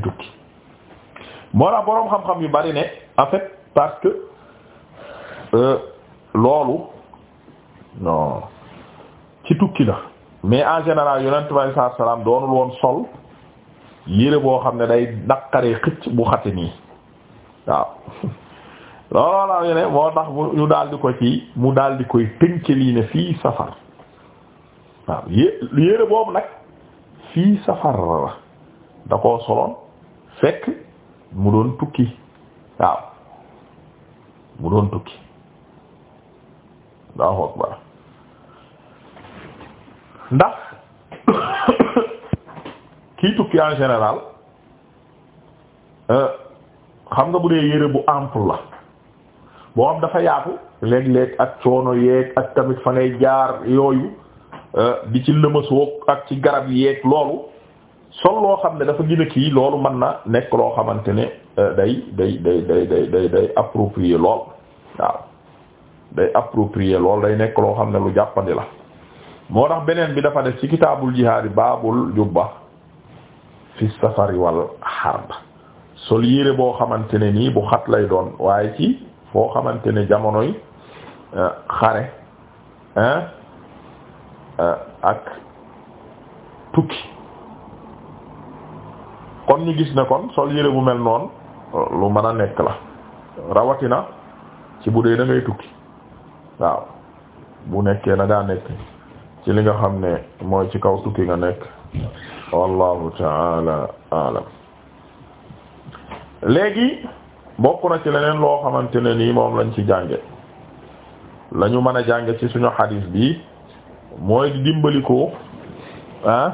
nekk tukki moo la boroom xam-xam yu bari ne en parce que euh, loolu ci tukki la mais en général yonent bi sallallahu alayhi wasallam doonul woon sol yére boo xam ne day daqaree xëcc bu xate nii waaw looloo la ñu moo tax ñu daal ko ci mu daldi koy tënk lii fii safar waaw yé yére boobu nag fii safar la da koo soloon fekk mu doon tukki waaw mu doon tukki ndax kii tukki en général euh, xam nga bu dee yére bu ample la boo am dafa yaatu léeg-léeg ak coono yeeg ak tamit fa ngay jaar yooyu euh, di ci lëmësoog ak ci garab yeeg loolu sol loo xam ne dafa gën kii loolu mën na nekk loo xamante ne euh, day day day day day day day approprier lool waaw day approprier lool day nekk loo xam ne lu jàppandi la moo tax beneen bi dafa def ci kitaabul jihaad baabul jubba fi safari wal harb sol yére boo xamante ne nii bu xat lay doon waaye ci foo xamante ne jamonoy euh, xare euh, ak tukki kon ñu gis ne kon sol yére bu mel noon lu mën a nekk la rawatina ci bu dee da tukki waaw bu nekkee da ngaa nekk ci li nga xam ne mooy ci kaw tukki nga nekk wallahu taala alam léegi bokk na ci leneen loo xamante ne nii moom lañ ci jànge lañu mën a jànge ci suñu xadiis bi mooy di dimbali ko ah,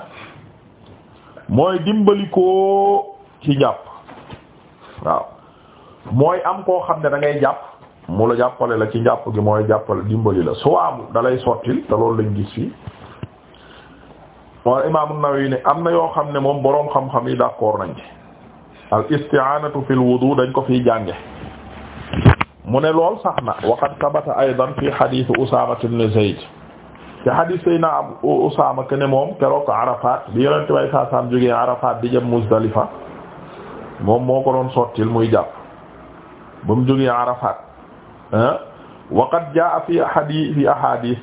mooy dimbalikoo ci njàpp waaw mooy am koo xam ne da ngay jàpp mu la jàppale la ci njàpp gi mooy jàppale dimbali la suwaabu da dalay sottil te loolu lañ gis fii mooy imaam an am na yoo xam ne moom boroom xam-xam yi d'accord nañ ci al isti'anatu fil wudu dañ ko fi jànge mu ne lool sax na waqad sabata aydan fi hadith Usaama ibn ci hadis sayna Abu Usaama ke ne moom keroog Arafat bi yonente bay saa jógee Arafat di jëm Muzdalifa moom moo ko doon sottil muy jàpp ba mu jógee Arafat wa qad jaa fi ahadi fi ahadith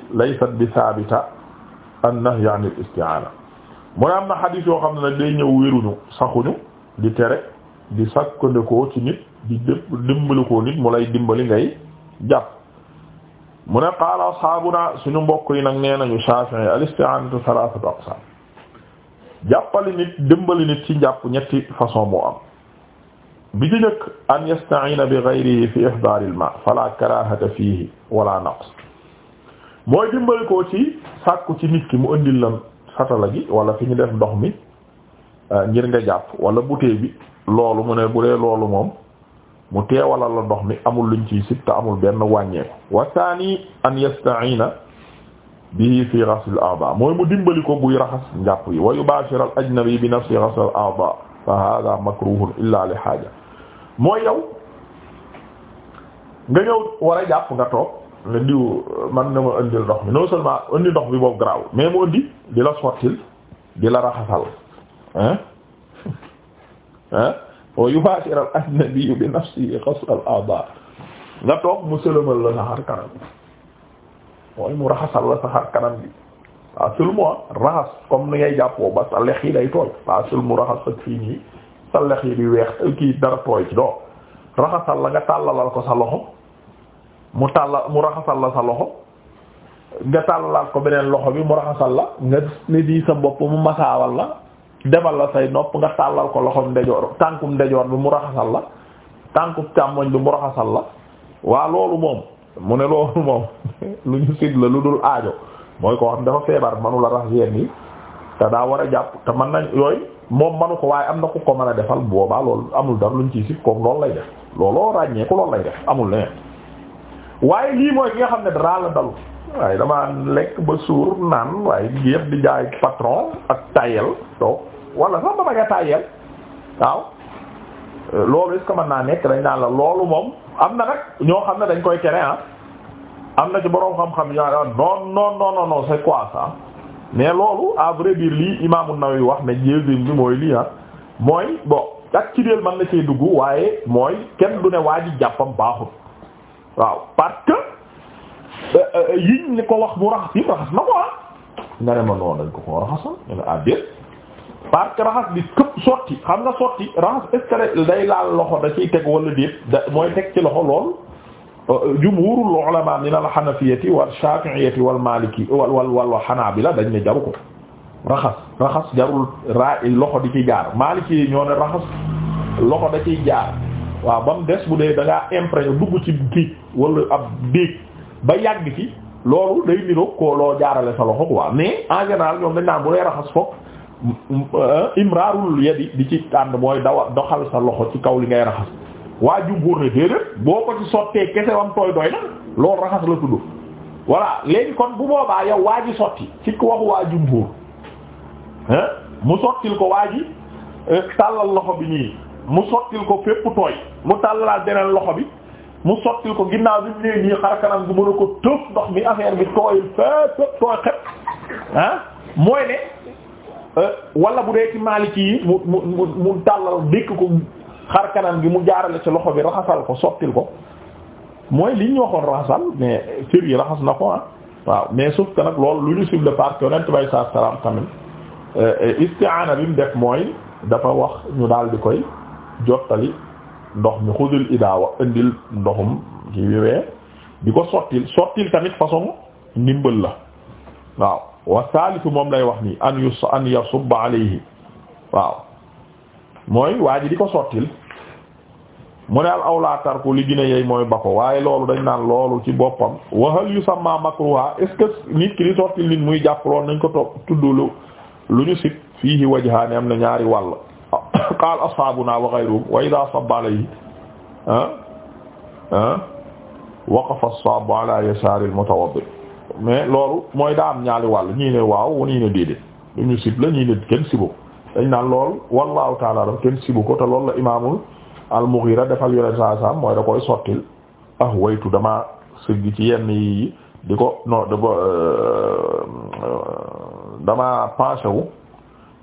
bi thabita an-nahy an nahy an mu ne am na hadis yoo xam ne nag ñëw wéruñu saxuñu di tere di sakkandikoo ci nit di dëpp dimbalikoo nit mu lay dimbali ngay jàpp mu ne qaala ashaabuna suñu mbokk yi nag nee nañu Shaafi'i al-isti'aanatu thalathatu jàppali nit dimbali nit ci jàpp ñetti façon moo am bi ci njëkk an yasta'ina bi ghayrihi fi ihdaar al-maa fala karaahata fiihi wala naqs mooy dimbali ko ci sàkku ci nit ki mu andil la satala gi wala fi ñu def ndox mi ngir nge jàpp wala bouteille bi loolu mu ne bu dee loolu moom mu teewalal la ndox mi amul luñ ciy sib te amul benn wàññeeku wa thani an yasta'ina bihi fi ghasl al-a'da mooy mu dimbali ko buy raxas njàpp yi wa yubashir al-ajnabi bi nafsi ghasl al-a'da fa hadha makruhun illa li haaja mooy yow nga ñëw war a jàpp nga toog ne diw man na ma indil ndox mi non seulement indi ndox bi boobu garaaw mais mu indi di la sottil di la raxasal hein hein wa yubaashir al ajnabi bi nafsihi ghasl al a'daa nga toog mu sëlëmal la sa xar kanam mooy mu raxasal la sa xar kanam bi pas seulement raxas comme ni ngay jàppoo ba sa yi day tooy pas mu raxas ak fii nii sa yi di weex euh, kii dara tooy ci doo raxasal la nga tàllalal ko sa loxo mu tàllal mu raxasal la sa loxo nga tàllalal ko beneen loxo bi mu raxasal la nga ne di sa bopp mu masaawal la demal la say nopp nga tàllal ko loxom ndejoor tànkum ndejoor bi mu raxasal la tànkum càmmoñ bi mu raxasal la waa loolu moom mu ne loolu moom lu ñu sit la lu dul aajo mooy ko xam dafa feebar manu la rax yenn yi te daa war a jàpp te man nañ yooyu moom manu ko waaye am na ku ko mën a defal boobaa loolu amul dara luñ ciy sit koom loolu lay def looloo ràññeeku ko loolu lay def amul leneen waaye lii mooy ki nga xam ne dara la dalu waaye damaa lekk ba suur naan waaye géex di jaay patron ak tayel toog wala sax ba bëgg a loolu est naa nekk dañ naan la loolu moom am na nag ñoo xam ne dañ koy tere ah. am na ci boroom xam-xam yi non non non non c'est quoi ça mais loolu à vrai lii Imaam an wax ne deuxième bi mooy lii ah mooy bon ak ci biir mën na cee dugg waaye mooy kenn du ne waa ji jàppam baaxul waaw parce que euh, euh, yiñ ni ko wax bu raxas yi raxas na ko ah nga ne ma noonu dañ ko ko raxasal ne ah déet parce raxas bi këpp sotti xam nga sotti raxas est-ce que day laal loxo da ciy teg wala déet da mooy teg ci loxo lool jumhuurul ulamaa min al hanafiyyati wal shaafi'iyyati wal maaliki wal xanaa bi la dañ ne jaru ko raxas raxas jarul raa loxo di ci jaar maaliki yi ñoo ne raxas loxo da ciy jaar waa ba mu des bu dee da ngaa imprégné dugg ci géej wala ab déeg ba yàgg ci loolu day niroog ko loo jaarale sa loxo quoi mais en général ñoom dañ naan bu dee raxas foofu. imraarul yadi di ci ànd mooy dawa doxal sa loxo ci kaw li ngay raxas waa jumhur ne déedéet boo ko ci sottee kese wam tooy doy na loolu raxas la tudd voilà léegi kon bu boobaa yow waa ji sotti ci waxu waa jumhur mu sottil ko waa ji euh, tàllal loxo bi nii mu sottil ko fépp tooy mu tàllalaat beneen loxo bi mu sottil ko ginnaaw bi mu nee nii xar kanam gu mën a ko tëf ndox mi affaire bi tooy fépp tooy xep mooy ne Euh, wala bu dee ci maaliki yi mu mu mu mu tàllal dékk ko xar gi mu jaarale ci loxo bi raxasal ko sottil ko mooy li ñu waxoon raxasal mais cër yi raxas na ko ah. waaw mais sauf que nag loolu lu ñu suivre part yonent bay saa tamit euh, isti'aana bi mu def mooy dafa wax ñu daal di koy jottali ndox mi xudul idaawa indil ndoxum ci wewee di ko sottil sottil tamit façon ndimbal la waaw wa saalisu moom lay wax nii an yus an yasubba alayhi waaw mooy waa ji di ko sottil mu ne al awla tarku li gine yey mooy ba ko waaye loolu dañ naan loolu ci boppam wa hal yusamma makruha est ce que nit ki di sottil nit muy jàpp loolu nañ ko topp tuddulu lu ñu sit fiihi wajhaani am na ñaari wàll qaal ashaabuna wa ghayruhum wa idha sabba alayhi ah ah waqafa as-saab ala yasari al-mutawaddi mais loolu mooy daa am ñaari wàll ñii waaw ñii ne déedéet lu ñu sib la ñii ne kenn sibu dañ naan lool wallahu taala daf kenn sibu ko te loolu la imaamul al-Mughira defal yoneen saa saam mooy da koy sottil ah waytu damaa sëgg ci yenn yi di ko non euh, dama damaa wu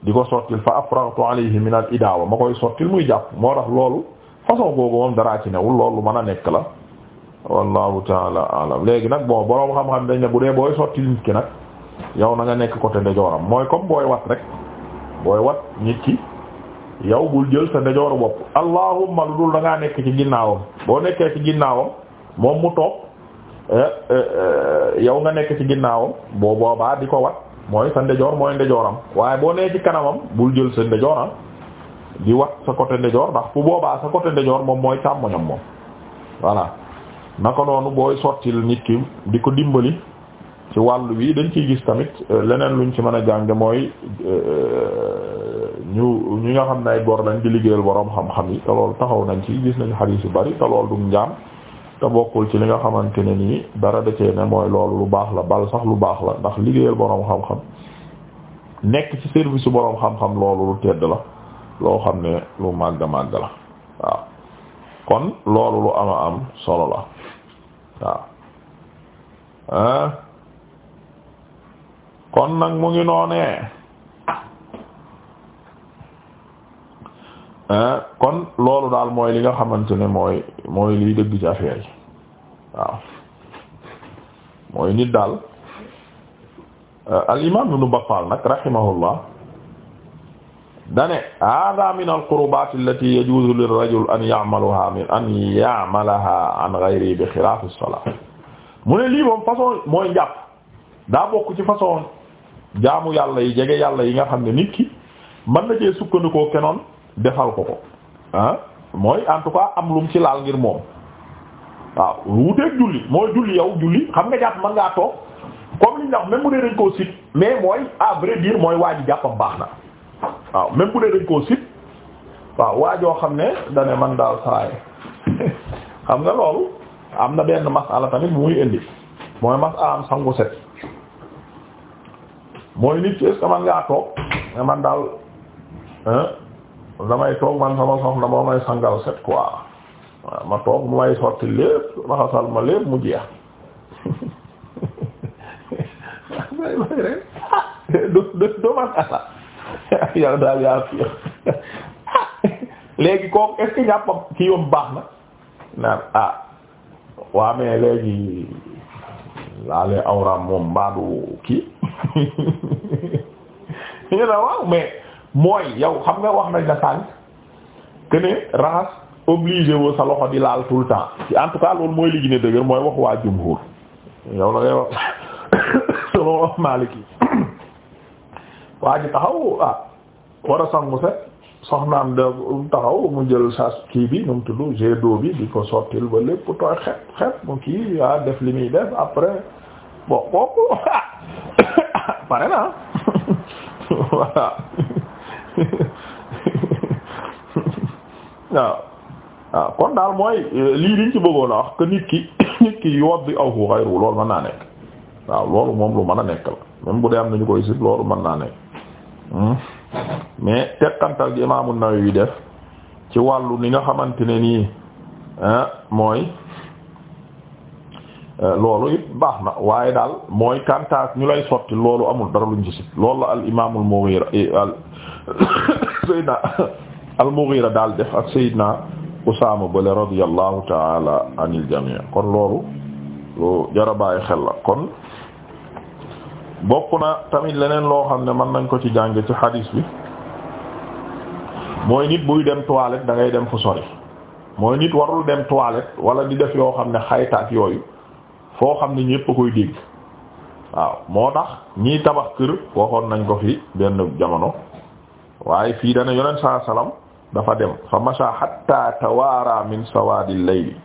di ko sottil fa afraqtu alayhi min al idaawa ma koy sottil muy jàpp moo tax loolu façon boobu moom dara ci newul loolu mën a nekk la wallahu taala alam léegi nag bon boroom xam-xam dañ ne bu dee booy sotti nit ki nag yow na nga nekk côté ndejooram mooy comme booy wat rek booy wat nit ki yow bul jël sa ndejooru bopp allahumma lu dul da ngaa nekk ci ginnaawam boo nekkee ci ginnaawam moom mu toog eh, eh, eh, yow nga nekk ci ginnaawam boo boobaa di ko wat mooy sa ndejoor mooy ndejooram waaye boo nee ci kanamam bul jël sa ndejooram ah, di wat sa côté ndejoor ndax fu boobaa sa côté ndejoor moom mooy càmmoñam moom voilà naka noonu booy sottil nit ki di ko dimbali ci wàll wi dañ ciy gis tamit euh, leneen luñ ci mën a jànge mooy euh, ñu ñu nga xam ne ay gor lañ di liggéeyal boroom xam-xam yi te loolu taxaw nañ ci gis nañ xadiis yu bari te loolu du njaam te bokkul ci li nga xamante ne nii dara da ne mooy loolu lu baax la bal sax lu baax la ndax liggéeyal boroom xam-xam nekk ci service su boroom xam-xam loolu lu tedd la loo xam ne lu màgg màgg la waaw kon loolu lu ama am solo la waaw ah kon nag mu ngi noonee kon loolu daal mooy li nga xamante ne mooy mooy liy dëgg ci affaire yi waaw mooy nit daal al imam ibnu Battaal nag rahimahullah dane hada min alqurbat allati yajuzu lirajul an ya'maluha min an am an ghayri bi xilaaf as-salat mu ne lii moom façon mooy njàpp daa bokk ci façon jaamu yàlla yi jege yàlla yi nga xam ne nit ki man na cee sukkandikoo kenoon defal ko ko ah mooy en tout cas am lum ci laal ngir moom waaw wuteeg julli mooy julli yow julli xam nga jàpp mën ngaa toog comme li ñu wax même mu dee dañ koo sit mais mooy à vrai mooy waa jàppam baax na waaw même bu dee dañ koo sit waaw waajoo xam ne dane man daal saay xam nga loolu am na benn masala tamit bu muy indi mooy masala am sangu set mooy nit ci est man ngaa toog man daal damay toog man sama soxna moo may sangal set quoi ma toog mu may sotti lépp raxasal ma lépp mu jeex may may rek do do yow daal yaa fiix léegi kooku est-ce que ñàppam kii yom baax na naan ah waa mais léegi laalee awraam moom mbaadu kii ñu ne waaw mais mooy yow xam nga wax nañ la sànq que ne raxas obligé woo sa loxo di laal tout le temps ci en tout cas loolu mooy li gën a dëgër mooy wax waa jumhur yow la ngay wax selon wax Maliki waa ji taxaw ah war a sangu set soxnaam da taxaw mu jël sas kii bi nu mu tudd jet bi di ko sottil ba lépp tooy xet xet mu kii waa ah, def li muy def après bon kooku pare na waaw waaw kon daal mooy lii liñ ci bëggoon a wax que nit ki nit ki yoot bi aw fu xayru loolu mën naa nekk waaw loolu moom lu mën a nekk la même bu dee am nañu koy sit loolu mën naa nekk hmm? mais teqantal gi imaamu Nawawi def ci wàllu ni nga xamante ne nii ah, mooy eh, loolu baax na waaye daal mooy kantaas ñu lay sotti loolu amul dara luñ ci sit loolu la al imaamul Mughira eh, al Seydina al Mughira daal def ak Seydina Usaama bale radiyallahu taala anil jamii kon loolu lu jara bàyyi xel la kon bokk na tamit leneen loo xam ne mën nañ ko ci jànge ci hadis bi mooy nit buy dem toilette dangay dem fu sori mooy nit warul dem toilette wala di def yoo xam ne xayta ak yooyu foo xam ne ñépp koy dégg waaw moo tax ñii tabax kër waxoon nañ ko fi benn jamono waaye fii dana yonent saa dafa dem fa masha hatta tawaara min sawaadil layli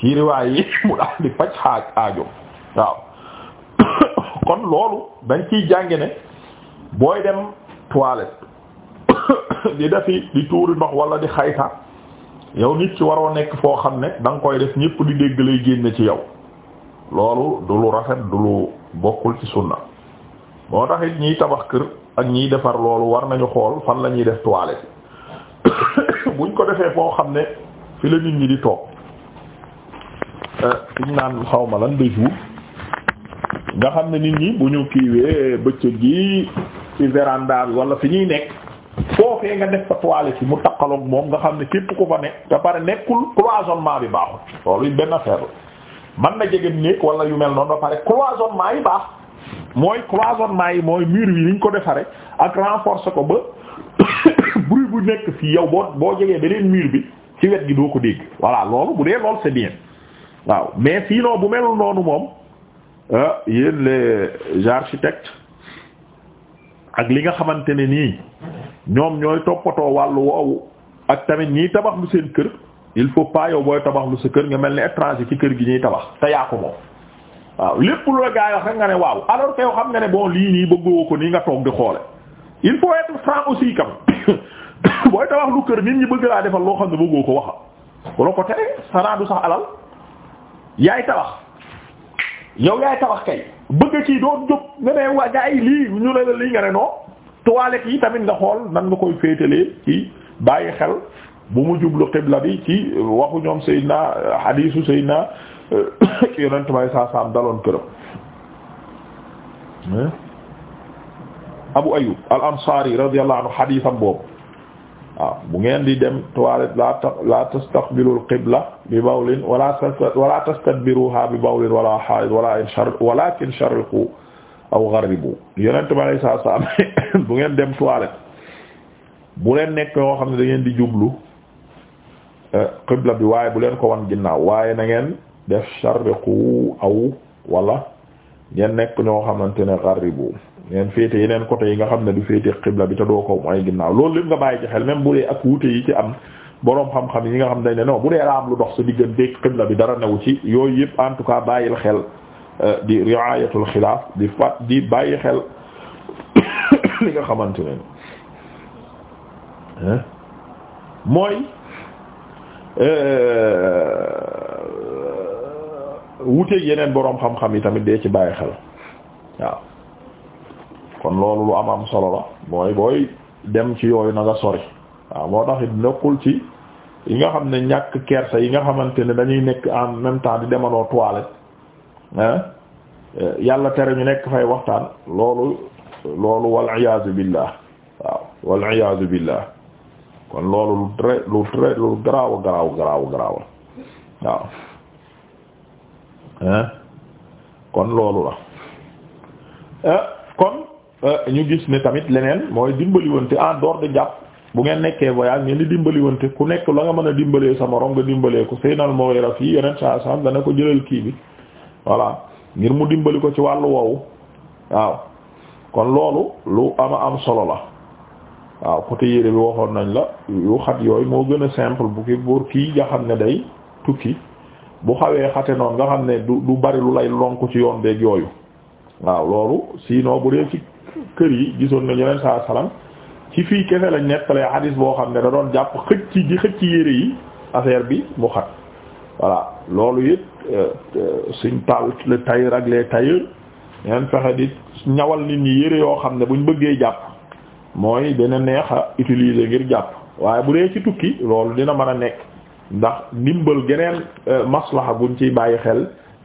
ci riwaay yi mu daal di faj xaaj aajo waaw kon loolu dañ ciy jànge ne booy dem toilette di defi di tuuri ndox walla di xayta yow nit ci waroo nekk foo xam ne da koy def ñépp di dégg lay génne ci yow loolu du lu rafet du lu bokkul ci sunna moo tax it ñiy tabax kër ak ñiy defar loolu war nañu xool fan la ñuy def toilette buñ ko defee foo xam ne fi la nit ñi di toog suñ eh, naan xawma lan de jour nga xam ne nit ñi bu ñu kiiwee bëccëg gi ci véranda wala fi ñuy nekk foofee nga def fa toile ci mu takkaloog moom nga xam ne képp ko fa ne te pare nekkul cloisonnement bi baaxul loolu yu benn affaire la man na jege néeg wala yu mel noonu ba pare cloisonnement yi baax mooy cloisonnement yi mooy miir yi niñ ko defaree ak renforcer ko ba bruit bu nekk fii yow boo boo jegee beneen mur bi ci wet gi doo ko dégg voilà loolu bu dee loolu c'est bien waaw mais sinon bu melul noonu moom ah yéen les architectes ak li nga xamante ne nii ñoom ñooy toppatoo wàllu woowu ak tamit ñii tabax lu seen kër il faut pas yow booy tabax lu sa kër nga mel ni étranger ci kër gi ñuy tabax te yaa ko moom waaw lépp lu la nga ne waaw alors xam nga ne bon lii nii bëggoo ko nii nga toog di xoole il faut être franc aussi kam booy tabax lu kër nit ñi bëgg laa defal loo xam ne bëggoo ko wax waxa wala ko tere sanaa du sax alal yaay tabax yow yaay tabax kay bëgg kii doo jóg nga ne waa gaa yi lii ñu ne la lii nga ne non toilette yi tamit nga xool nan nga koy féetalee ci bàyyi xel bu mu jublu xibla bi ci waxu ñoom Seydina hadiisu Seydina ki yonent may saa saam daloon këram eh? Abu Ayyub al-Ansari radiyallahu anhu hadiisam boobu waaw bu ngeen di dem toilette la la tastaqbilul bi bawlin wala wala tastadbiruha bi bawlin wala haid wala inshar walakin sharriqu aw gharribu yonent bi alayhi salaatu salaam bu ngeen dem toilette bu leen nekk yoo xam ne da di jublu eh, qibla bi waaye bu leen ko wan ginnaaw waaye na ngeen def sharriqu aw wala ngeen nekk ñoo xam ne gharribu ngeen féete yeneen côté yi nga xam ne du féete xibla bi te doo ko mooy ginnaaw loolu lépp nga bàyyi ci xel même bu dee ak wuute yi ci am boroom xam-xam yi nga xam dañ ne non bu dee la am lu dox sa bi dara newu ci yooyu yëpp en tout cas bàyyil xel euh, di riayatul xilaaf di fat di bàyyi xel li nga xamante ne mooy euh, wuuteeg yeneen boroom xam-xam yi tamit dee ci bàyyi xel waaw kon loolu lu am am solo la mooy booy dem ci yooyu na nga sori waaw moo tax nekkul ci yi nga xam ne ñàkk kersa yi nga xamante ne dañuy nekk en même temps di demaloo toilette eh, yàlla tere ñu nekk fay waxtaan loolu loolu wal iyaazu billah waaw wal iyaazu billah kon loolu lu très lu eh? loolu eh, kon Euh, ñu gis ne tamit leneen mooy dimbaliwante en dehors de jàpp bu ngeen nekkee voyage ngeen di dimbaliwante ku nekk la nga mën a dimbalee sa morom nga dimbalee ko Seynal Mughira fii yeneen saa saam dana ko jëlal kii bi voilà ngir mu dimbali ko ci wàllu woowu waaw kon loolu lu ama am solo la waaw côté yére bi waxoon nañ la yu xat yooyu moo gën a simple bu ki buur kii nga xam ne day tukki bu xawee xate noonu nga xam ne du du bari lu lay lonku ci yoon beeg yooyu kër yi gisoon nañu leen saa salaam ci fii kese lañ nettalee hadis boo xam ne da doon jàpp xëcc gi xëcc yére yi affaire bi mu xat voilà loolu it euh, suñ taal le tailleur ak les tailleurs ñeen fexe di ñawal nit ñi yére yoo xam ne buñ bëggee jàpp mooy dana neex a utiliser ngir jàpp waaye bu dee ci tukki loolu dina man a nekk ndax ndimbal geneen euh, maslaha buñ ci bàyyi xel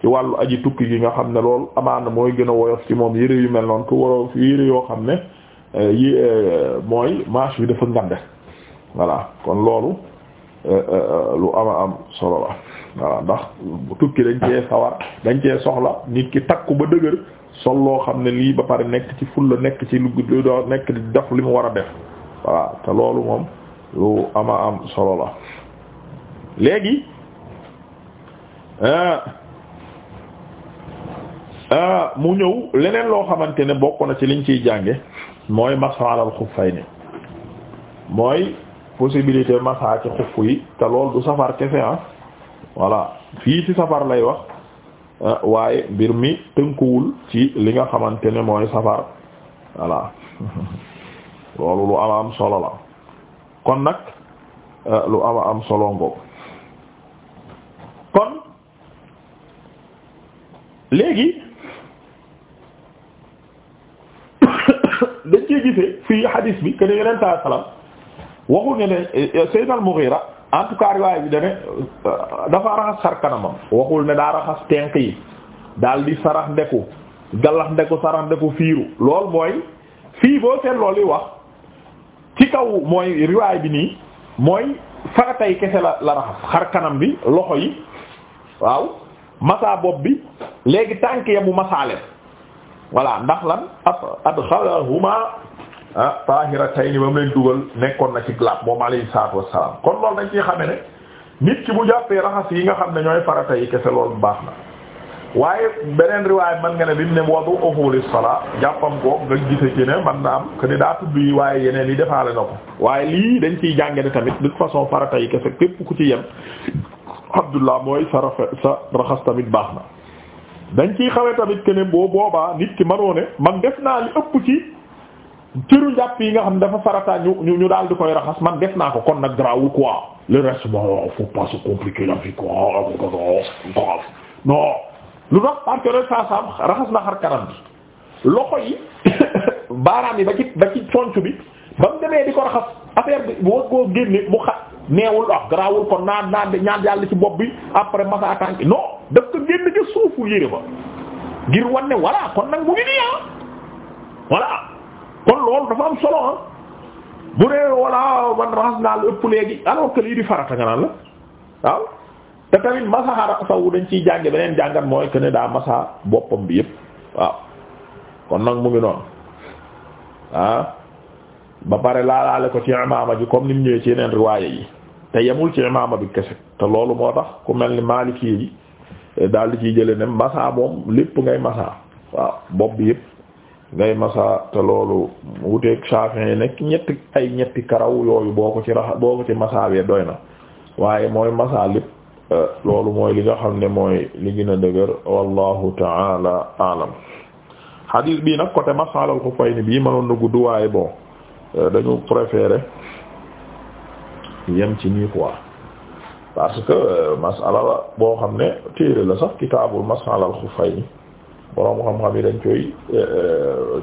ci wàllu aji tukki gi nga xam ne loolu amaana mooy gën a woyof ci moom yére yu mel noonu ku waroo yére yoo xam ne euh, yi euh, mooy marche bi dafa ngande voilà kon loolu euh, lu ama am solo la voilà ndax tukki dañ cee sawar dañ cee soxla nit ki takku ba dëgër sol loo xam ne lii ba pare nekk ci fulla nekk ci lu doo nekk di def li mu war a def voilà te loolu moom lu ama am solo la léegi Euh, mu ñëw leneen loo xamante ne bokk na ci liñ ciy jànge mooy masaa alal xuffayni mooy possibilité masaa ci xuff yi te lool du safar kese ah voilà fii ci safar lay wax euh, waaye mbir mi tënkuwul ci li nga xamante ne mooy safar voilà loolu lu ama am solo la kon nag euh, lu ama am solo ngoog kon léegi gisee fii hadis bi que ne yeneen saa salaam waxul ne ne eh, eh, Seydina Mughira en tout cas riwaay bi dane euh, dafa raxas xar kanamam waxul ne daa raxas tenk yi daal di sarax ndeku gallax ndeku sarax ndeku fiiru lool mooy fii boo seet loolu yi wax ci kaw mooy riwaay bi nii mooy faratay kese la raxas xar kanam bi loxo yi waaw masa bopp bi léegi tànk ya bu masaale voilà ndax lan ab adxalahuma ah tahiratayni ba mu leen dugal nekkoon na ci glaab moom alayhi salaatu wassalaam kon loolu dañ ciy xame ne nit ki bu jàppee raxas yi nga xam ne ñooy farata yi kese loolu baax na waaye beneen riwaay man nga ne bi mu ne wadu uxuli salaa jàppam ko nga gise ci ne man na am que daa tudd yi waaye yeneen yi defaale na ko waaye lii dañ ciy jànge ne tamit de toute façon farata yi kese képp ku ci yem abdullah mooy sa rafe raxas tamit baax na dañ ciy xamee tamit que nit ki manoo ne naa li ëpp cëru njàpp yi nga xam dafa farata ñu ñu daal di koy raxas man def naa ko kon nag grawul quoi le reste bon faut pas lu tax parce que saa bi loxo yi bi ba mu demee ko raxas affaire bi ah, ci bopp bi après masa daf ko génn ca suufu yére ba ngir wan ne voilà kon nag mu ngi nii ah. kon loolu dafa am solo ah bu dee walla man raxas naa lu ëpp léegi alors que lii di farata nga naan la waaw te tamit masaxara sawu dañ ciy jànge beneen jàngat mooy que ne daa masa boppam bi yëpp waaw kon nag mu ngi noonu ah. ba pare laalaale ko ci imaama ji comme ni mu ñëwee ci yeneen riwaaya yi te yemul ci imaama bi kese te loolu moo tax ku mel ni Maliki yi eh, daal di ciy jëlee ne masa moom lépp ngay masa waaw bopp bi yëpp. ngay masa te loolu wuteeg Shafi'i yi nekk ñetti ay ñetti karaw yooyu boo ko ci raxa boo ko ci masaawee doy na waaye mooy masa lépp euh, loolu mooy li nga xam ne mooy li gën a dëgër wallahu taala alam hadis bii nag côté masalal ko fay ni bii mënoon na gudd waaye bon euh, dañu préféré yem ci nii quoi parce que euh, masala la boo xam ne téere la sax kitaabul masalal xufay ni boroom xam-xam yi dañ koy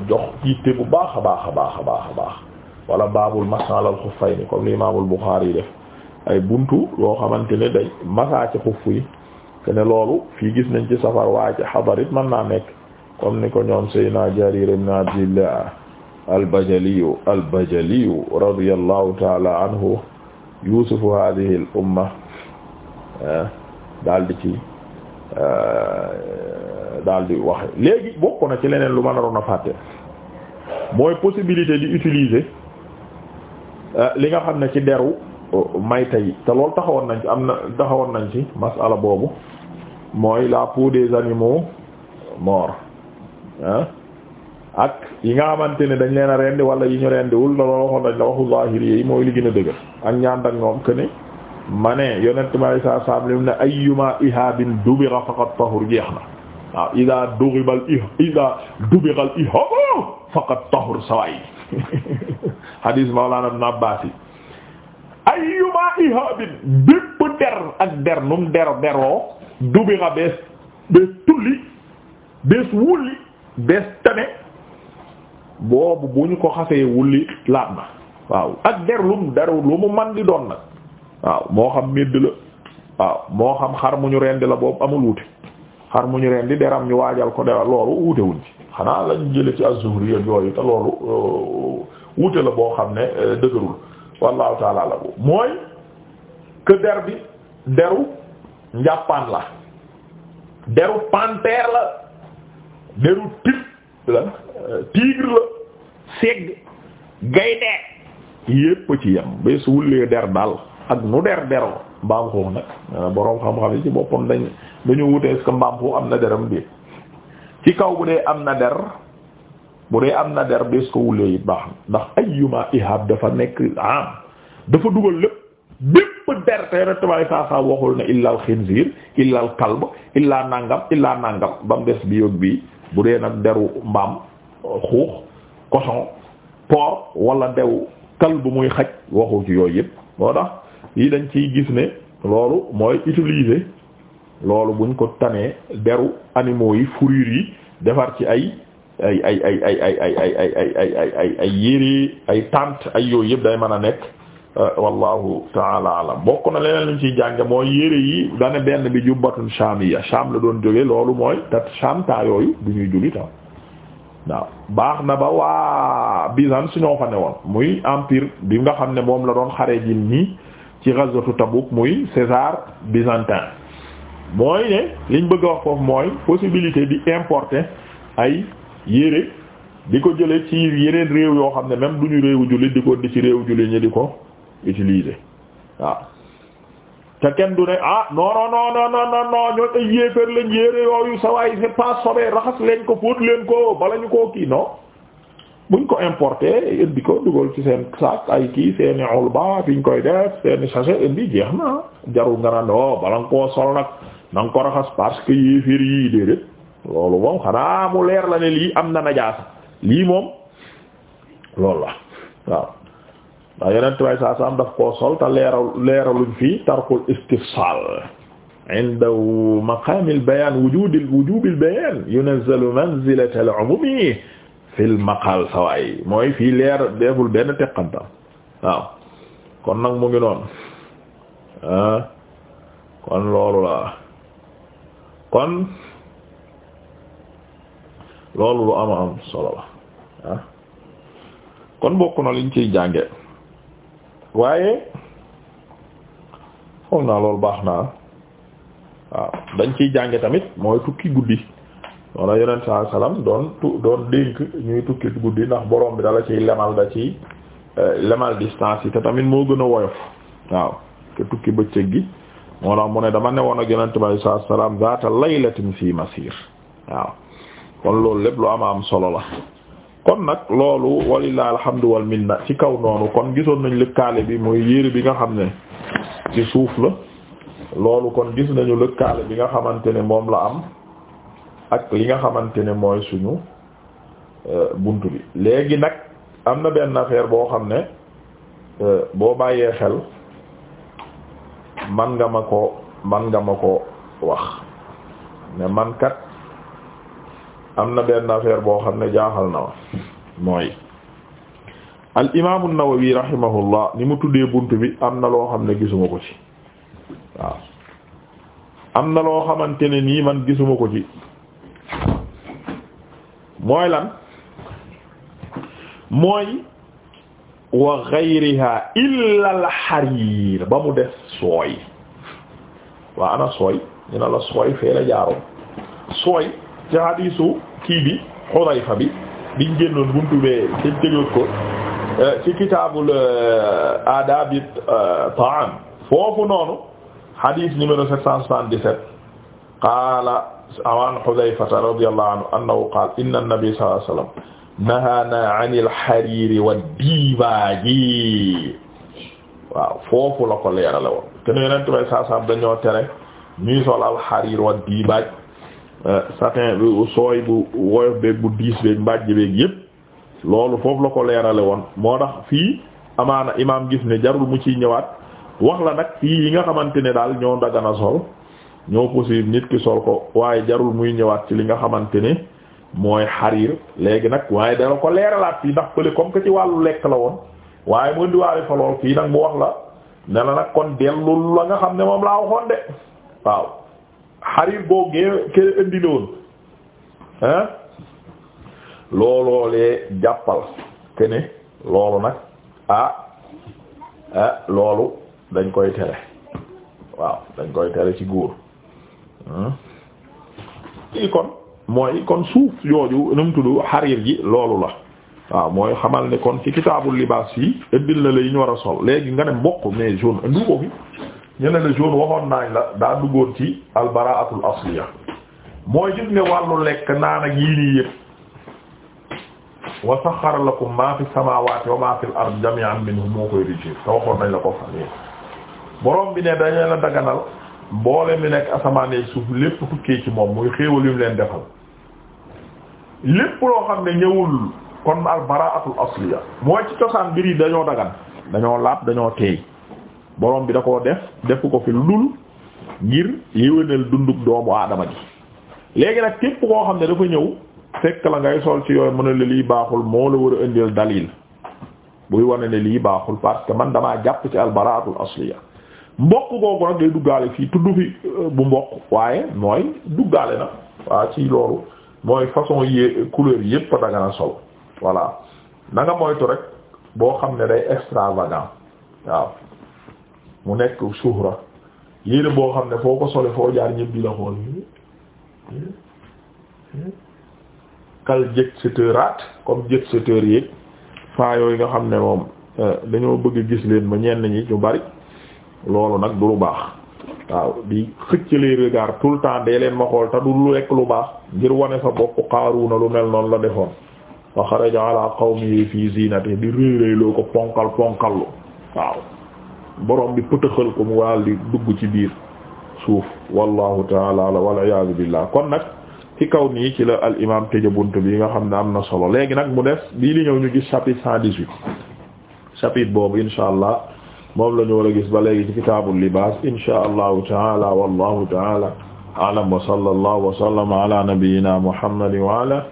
jox yitte bu baax a baax a baax a baax baax wala baabul masah alal xuffayni comme li imaamul Buxaari def ay buntu loo xamante ne day masaa ci xuff yi te loolu fii gis nañ ci safar waaye ci xadar it naa nekk comme ni ko ñoom Seydina Jarir ibn Abdillah albajaliyu albajaliyu radiyallahu taala anhu yusufu hadihi umma eh, daal di ci eh, daal di waxe léegi bokk na ci leneen lu ma naroon a fàtte mooy possibilité di utiliser euh, li nga xam ne ci deru euh, mayta yi te loolu taxawoon nañ ci am na taxawoon nañ ci masala boobu mooy la peau des animaux morts ah ak yi nga xamante ne dañ leen a rendi wala yi ñu rendiwul la loolu waxoon nañ la waxu zahiri yi mooy li a dëgër ak ñaan ak ñoom que ma ne yonent ma saa saam lim ne ayyuma ihaabin dubira faqat tahur jeex na waaw ida dughibal ida dubigal ihab faqad tahur saway hadis mawlana ibn abbas ayyuma ihabin bépp der ak der num der deroo dubiga bees bees tulli bees wulli bees tane boobu bu ñu ko xasee wulli laab na waaw ak der lum deru lu mu man di doon nag waaw moo xam medd la waaw moo xam xar mu ñu rendi la boobu amul wuti xar mu ñu reen di deram ñu waajal ko dera loolu wuute wuñ ci xanaa lañ jële ci az-Zuhri ak yooyu te loolu euh, wuute la boo xam ne euh, dëgërul wallahu taala bu mooy que der bi deru njàppaan la deru panthère la deru tig la segg gaynde yépp ci yam bés wullee der daal ak nu der deroo mbaam xuux nag boroom xam-xam yi ci boppam dañ dañu wute est-ce mbaam xuux am na deram bi ci kaw bu dee am na der bu dee am na der bés ko wulee it baax ndax ayyuma ihab dafa nekk am dafa dugal lépp bépp der te yonent baay saa saa waxul ne illal xinziir illal kalb illaa nàngam illaa nàngam ba mu des bi yoog bii bu dee nag deru mbaam xuux cochon porc wala dew kalb muy xaj waxu ci yooyu yëpp moo tax yi dañ ciy gis ne loolu mooy utiliser loolu buñ ko tanee deru animaux yi fourrure yi defar ci ay ay ay ay ay ay ay ay yére ay tente ay yooyu yëpp day mën a nekk wallahu taala alam bokk na leneen luñ ciy jànge mooy yére yi dane benn bi jubbatun shamiya sham la doon jóge loolu mooy tat sham taa yooyu du ñuy julli waaw baax na ba waa Byzance ñoo fa ne woon muy empire bi nga xam ne moom la doon xare ji nii ci ghazwatu Tabuk muy César byzantin mooy ne liñ bëgg a wax foofu mooy possibilité di importer ay yére di ko jële ci yeneen réew yoo xam ne même duñu réewu jullit di ko di ci réew jullit ñi di ko utiliser waaw te kenn du ne ah non non non non non non ñoo ay yéeféer yére yooyu sa waay c'est pas sobee raxas leen ko fóot leen ko bala ñu ko kii non buñ ko importé indi ko dugal ci seen sac ay kii seeni ulba fiñ koy def seeni sachet indi jeex na jarul nga naan o oh, bala nga koo sol nag ko raxas parce que yéeféer yii loolu moom xanaa mu leer la ne am na najaas lii moom loolu la waaw ndax yeneen tubaay saa saam daf koo sol te leeral leeraluñ fii tarkul istifsal inda maqaamil bayaan wujudil wujubil bayaan yunazzalu manzilatal umumi fil maqal sawaay mooy fii leer deful benn teqantam waaw kon nag mu ngi noonu ah. kon loolu la kon loolu lu ama am solo la ah. kon bokk na liñ ciy jànge waaye foog naa loolu baax naa waaw dañ ciy jànge tamit mooy tukki guddi noonu yeneen saa salaam doon tu doon dénk ñuy tukki guddi ndax borom bi dala ciy lemal da ci eh, lemal distance yi te tamit moo gën a woyof waaw te tukki bëccëg gi moo tax mu ne dama ne woon a bi alayhi salaatu salaam zaata laylatin fii masiir waaw kon loolu lépp lu am am solo la kon nag loolu walillahi alhamdu wal minna ci kaw noonu kon gisoon nañ lëkkaale bi muy yére bi nga xam ne ci suuf la loolu kon gis nañu lëkkaale bi nga xamante ne moom la am ak li nga xamante ne mooy suñu euh, bunt bi léegi nag am na benn affaire boo xam ne euh, boo bàyyee xel man nga ma ko man nga ma ko wax ne mankat am na benn affaire boo xam ne jaaxal na wa mooy al imaamu Nawawi rahimahullah ni mu tuddee bunt bi am na loo xam ne gisuma ko ci waaw am na loo xamante ne nii man gisuma ko ci mooy lan mooy wa ghayriha illa al ba mu def sooy waa ana sooy ñu ne la sooy fee la jaaroo sooy ci hadiisu kii bi Xudayfa bi biñ génnoon buntu bee ci eh, kitaabul eh, aadaabi eh, ta'aam foofu noonu hadiis numéro 777 qaala an Hudhayfata radiyallahu anhu annahu qaala inna an-nabiyya sallallahu alayhi wa sallam nahaana anil hariiri wad-diibaaji waaw foofu la ko leerale woon kenn yeneen tubay saa saa dañoo tere ñuy sol al hariir wad-diibaaj eh, satin sooy bu woyof beeg bu diis beeg mbàjj beeg yëpp loolu foofu la ko leerale woon moo tax fii amaana imaam gis ne jarul mu ci ñëwaat wax la nag fii yi nga xamante ne daal ñoo dagana sol ñoo possible nit ki sol ko waaye jarul muy ñëwaat ci li nga xamante ni mooy xariir léegi nag waaye dana ko leeralaat fii ndax pële comme que ci wàllu lekk la woon waaye mu diwaale fa lool fii nag mu wax la ne la nag kon dellul la nga xam ne moom laa waxoon de waaw xariir googee kër ke ne loolu nag ah, ah loolu dañ koy tere waaw dañ koy tere ci góor kii kon mooy kon suuf yooju nu mu tudd xariir ji loolu la waaw mooy xamal ne kon ci kitaabul libaas yi ëddil na la yi ñu war a sol léegi nga ne mbokk mais jaune indi ko fi ñu ne la jaune waxoon naañ la daa duggoon ci albaraatul asliya mooy gis nga wàllu lekk naan ak yii nii yëpp wa saxxara lakum maa fi samaawaati wa maa fil ard jami'an minhu moo koy régir te waxoon nañ la ko fan yii borom bi ne dañu la daganal mboole mi nekk asamaan suuf lépp tukkee ci moom muy xéewal yu mu leen defal lépp loo xam ne ñëwul kon al baraatul asliya mooy ci cosaan mbir yi dañoo dagan dañoo laab dañoo teey borom bi da koo def def ko fi lu dul ngir yéwénal dunduk doomu aadama ji léegi nag képp koo xam ne dafa ñëw fekk la ngay sol ci yooyu mën na lii baaxul moo la war a indil dalil buy wane ne lii baaxul parce que man damaa jàpp ci al asliya mbokk googu nag day duggaale fii tudd fi euh, bu mbokk waaye mooy duggaale na waa ci loolu mooy façon yé couleur yépp da nga sol voilà na moytu rek boo xam ne day extravagant waaw mu nekk suhra yére boo xam ne foo ko sole foo jaar ñëpp di la xool kal jet-setter aat comme nga xam ne moom euh, dañoo bëgg gis leen ba ñenn ñi ñu bari loolu nag du lu baax waaw di xëcc les regards tout le temps dee leen ma xool te du lu rekk lu baax ngir wone wane sa bopp na lu mel noonu la defoon wa xaraja ala qawmihi fi zinati di réeréyloo ko ponkal ponkallu waaw borom bi pëtëxal ko mu waal di dugg ci biir suuf wallahu taala ala wal iyaazu billah kon nag ki kaw nii ci la al imam tëjë bunt bi nga xam ne am na solo léegi nag mu des bii li ñëw ñu gis chapitre cent dix-huit chapitre boobu insha allah moom la ñu war a gis ba léegi ci kitaabul libaas inshaa allahu taala wallahu taala a'lam wa sallallahu wa sallama ala nabiyyina muhammadin wa ala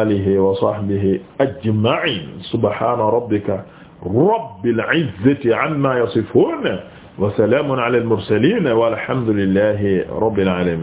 alihi wa sahbihi ajma'in subhana rabbika rabbil izzati amma yasifun wa salamun ala al mursalin walhamdulillahi rabbil alamin